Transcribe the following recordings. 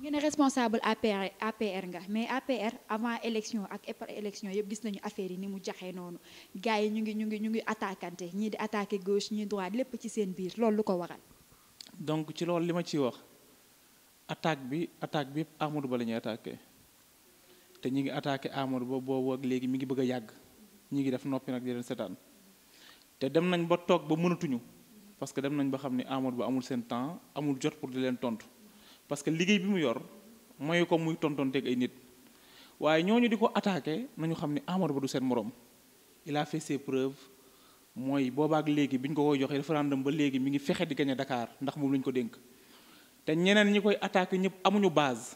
ngeen responsable APR APR nga mais APR avant élection ak après élection yëpp gis nañu affaire yi ni mu jaxé noonu gaay ñu ngi ñu ngi ñu ngi attaquante ñi di attaquer gauche ñi droite lepp ci seen biir loolu lu ko waral. donc ci loolu lima ci wax attaque bi attaque bi Amadou Ba lañu attaquer té ñi ngi attaquer Amadou Ba bo wo ak légui mi ngi bëgg a ñi ngi def nopi nak di leen sétane té dem nañ ba tok ba mënatuñu parce que dem nañ ba xamni Amadou Ba amul seen temps amul jot pour di leen tontu. parce que liggéey bi mu yor mooy ko muy tontonteeg ay nit waaye ñooñu di ko attaqué nañu xam ne Amadou Ba du seen morom il a fait ses preuves mooy boobaak léegi bi ñu ko koy joxe référendum ba léegi mi ngi fexe di gagné dakaar ndax moom lañu ko dénk te ñeneen ñi koy attaqué ñëpp amuñu base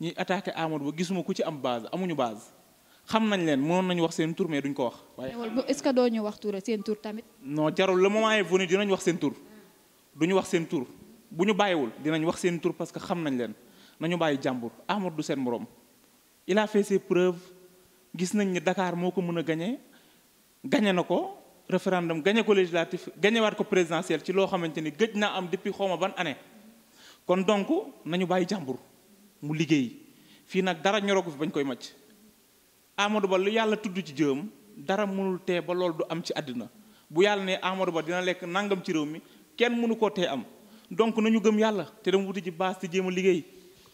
ñiy attaqué amaro Ba gisuma ku ci am base amuñu base xam nañ leen mënoon nañu wax seen tur mais duñ ko wax. waaye est-ce que doo ñu wax tur seen tur tamit. non jarul le moment est venu wax seen tur duñu wax seen tur. bu ñu bàyyiwul dinañ wax seen tur parce que xam nañ leen nañu bàyyi jàmbur Amadou du seen morom il a fait gis nañ ni dakaar moo ko mën a gañe gañe na ko référendum gañe ko législatif gañewaat ko présidentiel ci loo xamante ni gëj naa am depuis xawma ban année kon donc nañu bàyyi jàmbur mu liggéey fii nag dara ñoroogu fi bañ koy macc Amadou Ba lu yàlla tudd ci jëm dara mënul tee ba loolu du am ci àddina bu yàlla ne Amadou Ba dina lekk nangam ci réew mi kenn mënu koo tee am donc nañu gëm yàlla te dama wuti ci base te liggéey.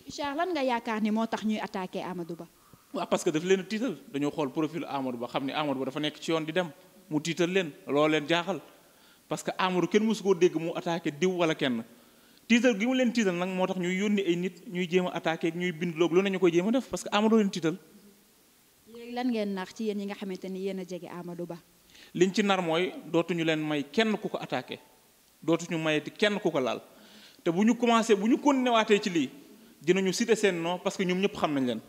incha allah lan nga yaakaar ni moo tax ñuy attaqué Amadou Ba. waaw parce que daf leen a tiital dañoo xool profil Amadou Ba xam ne Amadou Ba dafa nekk ci yoon di dem mu tiital leen loo leen jaaxal parce que Amadou kenn mosu koo dégg mu attaqué diw wala kenn. tiital gi mu leen tiital nag moo tax ñuy yónni ay nit ñuy jéem a attaqué ñuy bind loog lu ne ñu koy jéem a def parce que Amadou leen tiital. léegi lan ngeen nar ci yéen ñi nga xamante ni yéen a jege Amadou Ba. liñ ci nar mooy dootuñu leen may kenn ku ko attaqué. dootuñu mayeti kenn ku ko laal te bu ñu commencé bu ñu continué waatee ci lii dinañu cité seen nom parce que ñoom ñëpp xam nañ leen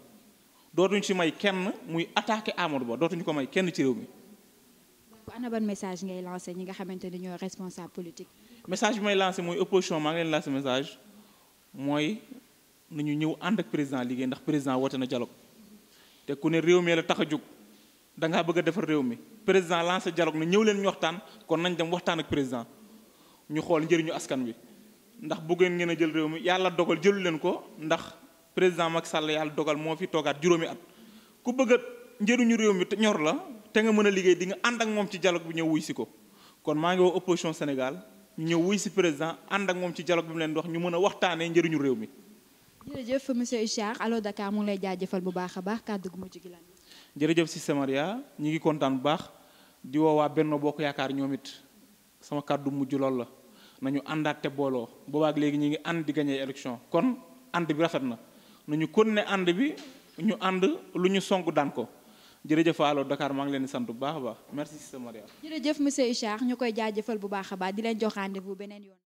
dootuñu ci may kenn muy attaqué Amadou Ba dootuñu ko may kenn ci réew mi. donc ana ban message ngay lancé ñi nga xamante ne ñooy responsable politique. message bi may lancé mooy opposition maa ngi leen lancé message mooy nañu ñëw ànd ak président liggéey ndax président woote na dialogue te ku ne réew mee la tax a jóg da ngaa bëgg a defar réew mi président lancé dialogue na ñëw leen ñu waxtaan kon nañ dem waxtaan ak président. ñu xool njëriñu askan wi ndax bëggeen ngeen a jël réew mi yàlla dogal jëlu leen ko ndax président Macky Sall yàlla dogal moo fi toogaat juróomi at ku bëgg a réew mi ñor la te nga mën a liggéey di nga ànd ak moom ci dialog bi ñëw wuy ko kon maa ngi shon opposition Sénégal ñu ñëw wuy si président ànd ak moom ci dialog bi mu leen di wax ñu mën a waxtaanee njëriñu réew mi jërëjëf monsieur Ishaq allo Dakar mu ngi lay jaajëfal bu baax a baax kàddu gu mujj gi lan jërëjëf si Semaria ñi ngi kontaan bu baax di woo waa Benno Bokk Yaakaar ñoom sama kàddu mujj lool la na ñu àndaat te booloo boobaak léegi ñu ngi ànd di gagné élection kon ànd bi rafet na na ñu kon ne ànd bi ñu ànd lu ñu sonk daan ko jërëjëf allo Dakar maa ngi leen di sant bu baax a baax merci Sista Maria. jërëjëf monsieur Ichar ñu koy jaajëfal bu baax a baax di leen joxaande rendez beneen yoon.